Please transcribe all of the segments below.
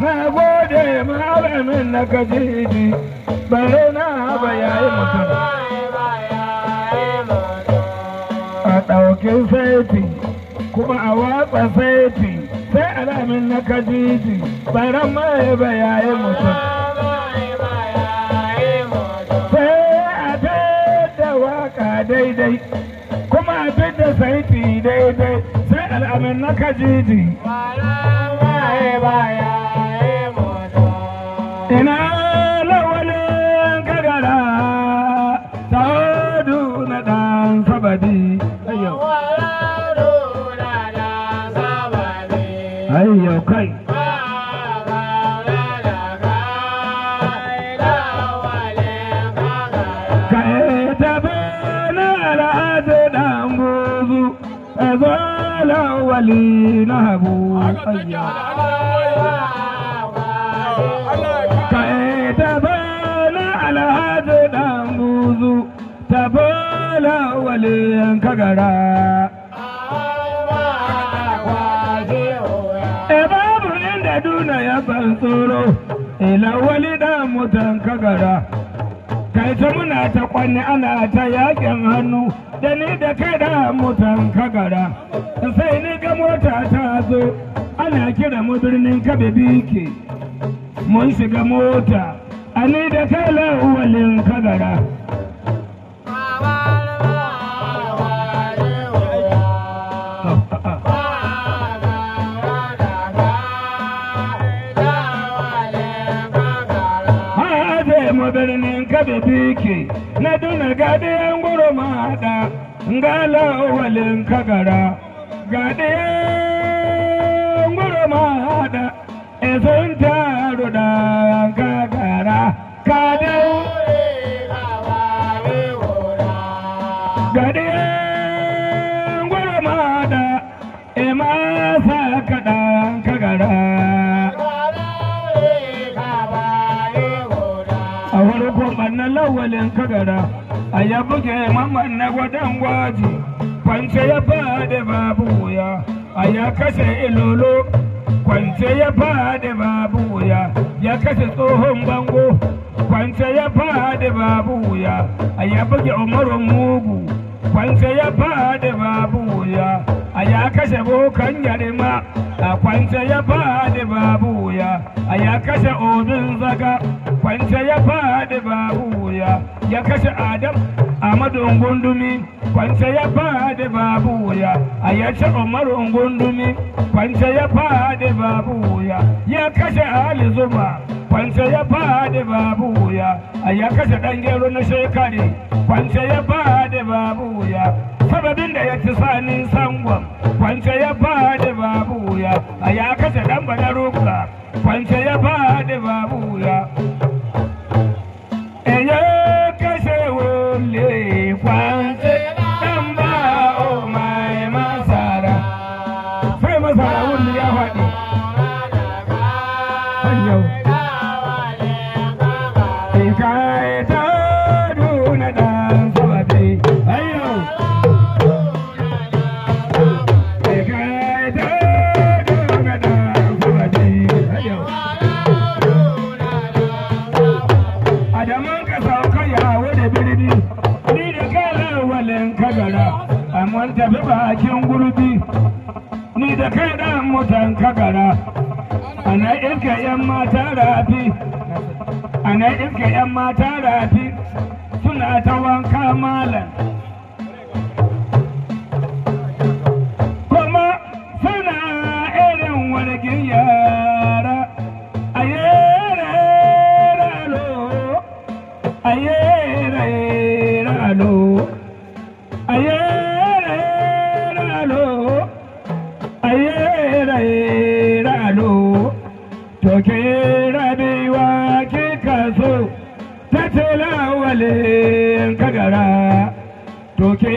na gode malamin na kajiji a ɗaukin saiti kuma a watsa saiti sai alamin na kajiji bare Sai a yayi waka daidai kuma abin da saiti daidai sai al'amin na kajiji and I Allah kagara. E eh, babu inda duna ya ban tsoro, ila eh, da mutan kagara. Kai ta muna ta kwanne ana ta yakin hannu, da ni da kai da mutan kagara. Sai ni ga mota ta zo, ana kira mu birnin kabe biki. Mun shiga mota, ani da kai la'uwalin kagara. birnin gabe biki na duna gade yan guru mahaɗa ngala walin kagara gade guru mahaɗa ezonta kadara a ya buge mamman na gwadon gwaji kwance ya ba da babu wuya a ya kashe ilolo kwance ya ba da babu wuya ya kashe tsohon bango kwance ya ba da babu wuya a ya buge umaru mugu kwance ya ba da babu wuya a ya kashe bokan yarima a kwance ya ba da babu wuya a ya kashe obin zaga kwance ya faɗi ba wuya ya kashe adam amadun gundumi kwance ya faɗi ba wuya a ya umarun gundumi kwance ya faɗi ba wuya ya kashe ali zuma kwance ya faɗi ba wuya a ya kashe ɗan na shekari kwance ya faɗi ba wuya sababin da ya ci sanin sangon kwance ya faɗi ba wuya a ya kashe ɗan ruka kwance ya faɗi ba wuya 朋友。ana irka yan mata rafi ana irka yan mata rafi suna ta wanka malam to ki rabewa ki kaso ta tilawale kagara to ki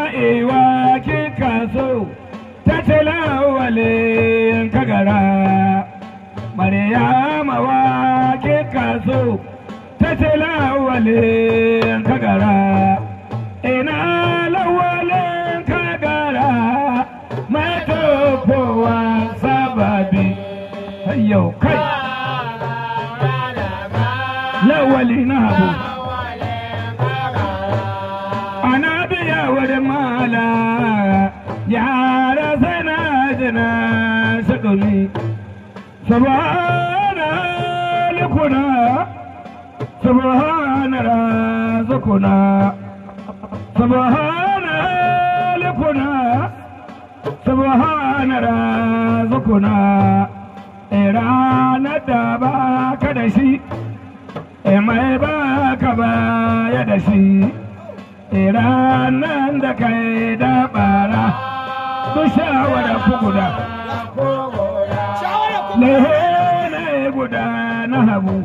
aiwa ki kaso ta tilawale kagara maryama ki kaso ta tilawale kagara ina هيا وكي لا ولي نهبو أنا بيا ورمالا يا رزنا جنا سقني سبحان لكنا سبحان رازقنا سبحان لكنا سبحان رازقنا da ba ka da shi eh, mai ba ka ba ya da shi e, ranar da kai da bara su shawara ku guda lehe guda na habu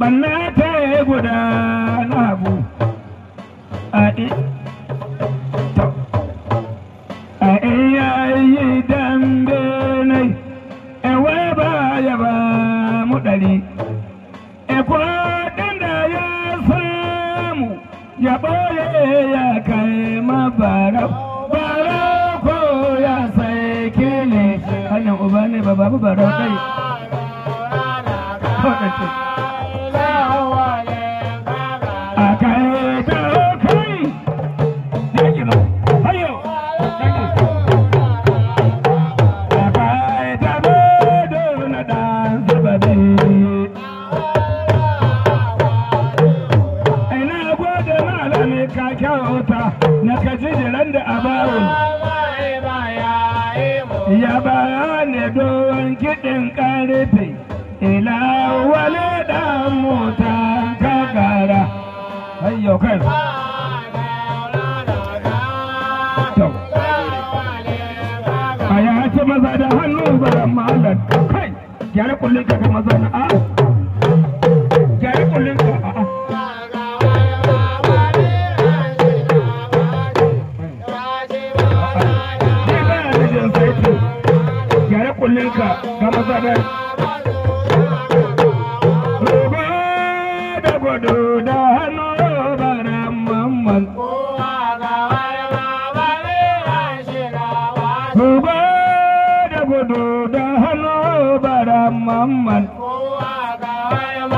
banna ta guda na habu Allah ya ba mu ɗari. Eko ɗin da ya samu ya ɓoye ya kai mabara. Bara ko ya sai kele hannun uba ne ba babu bara kai. Kawai zanzara malam kai gyara ka kuma zana a gyara kullun ka a gyara ka ga maza அம்மம்மன் பூவாதாயம்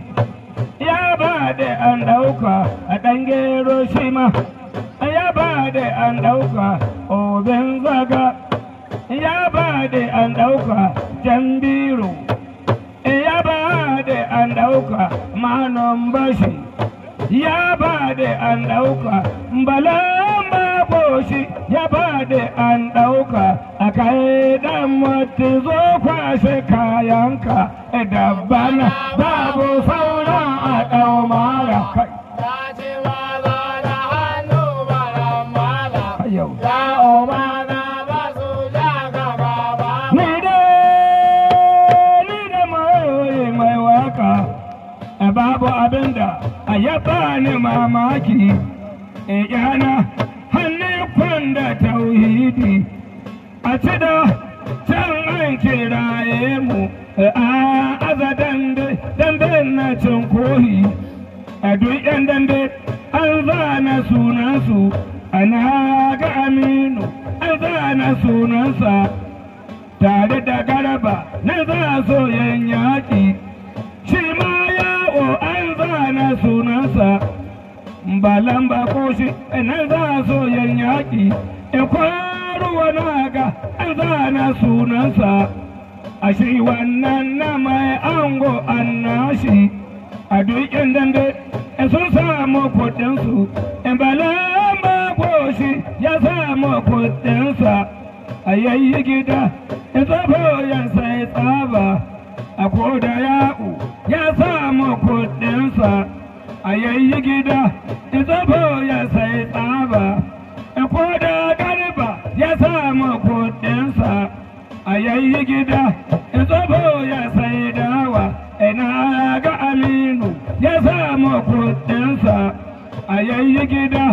da an ɗauka obin zaga ya ba de an ɗauka jambiro ya ba de an ɗauka manon bashi ya ba de an ɗauka balan Boshi, ya ba de an ɗauka a dan mutu zo kwashe kayanka da bana babu sauran a ɗaumara yau babu abinda a ya bani mamaki e yana hannun da tauhidi a ci da can an kiraye mu eh, a aza dambe dambe na cin kohi a eh, duk yan dambe an zana sunansu na ga aminu na zana sunansa tare da garba na za soyan yaƙi shi ma yawo an zana sunansa balan ba koshi na za soyan yaƙi ikwaruwa na ga an zana sunansa a shi wannan na mai ango annashi? nashi a duk inda sun samu kuɗinsu in balan haushi ya samu kudinsa a yayi gida ya tsabo ya sai tsaba a koda ya'u ya samu kudinsa a yayi gida ya tsabo ya sai tsaba a koda garba ya samu kudinsa a yayi gida ya tsabo ya sai dawa ina ga aminu ya samu kudinsa a yayi gida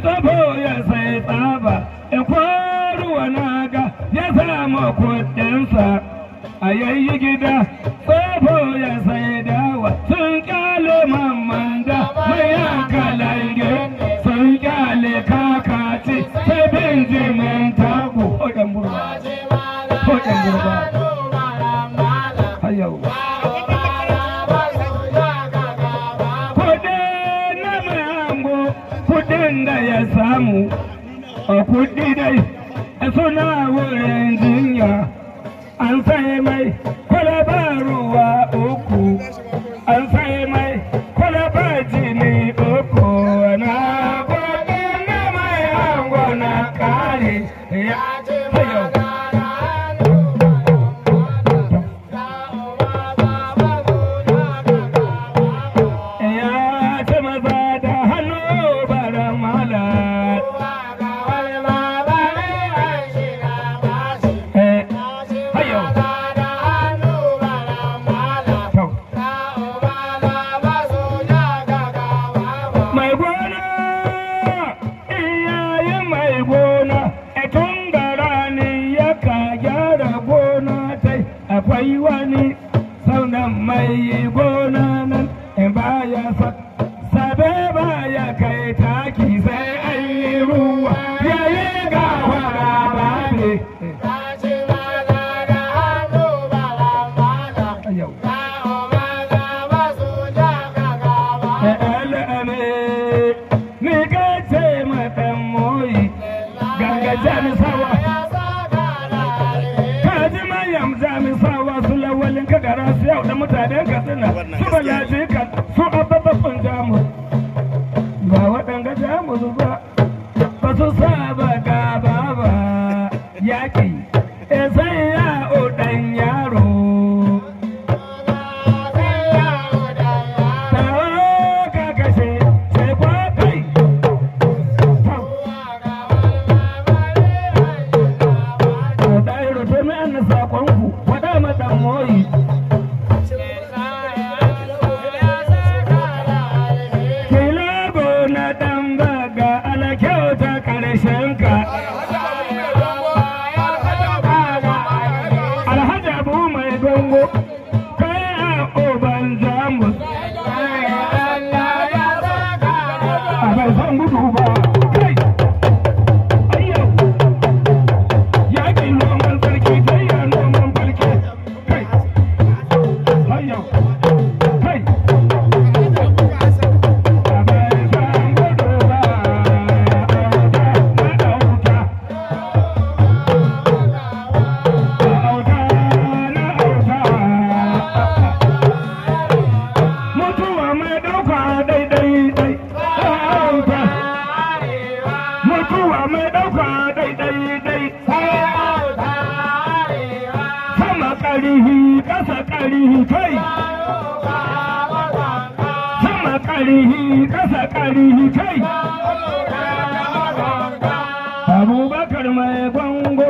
tsafo ya sai tsaba ya kwaruwa naga ya samu kuɗinsa a yayi gida a kuɗi dai suna wurin jinya an sai mai kwalaba ruwa uku an sai mai kwalaba jinya 哎。Amen. mai bango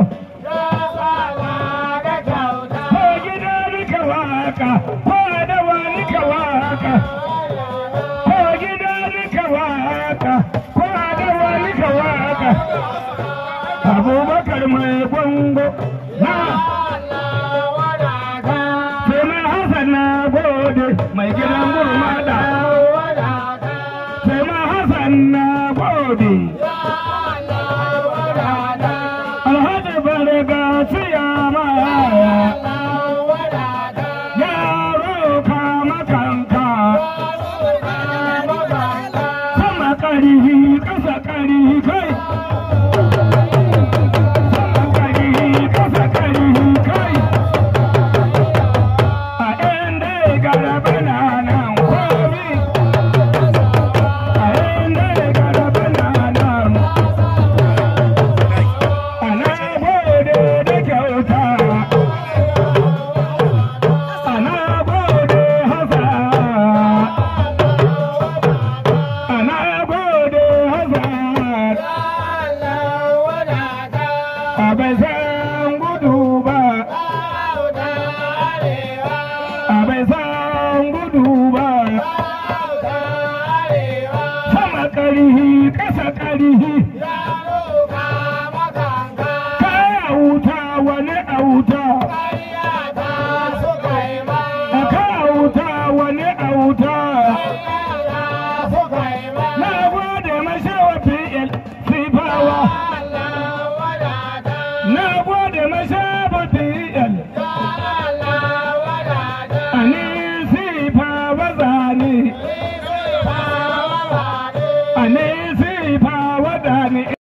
Buda.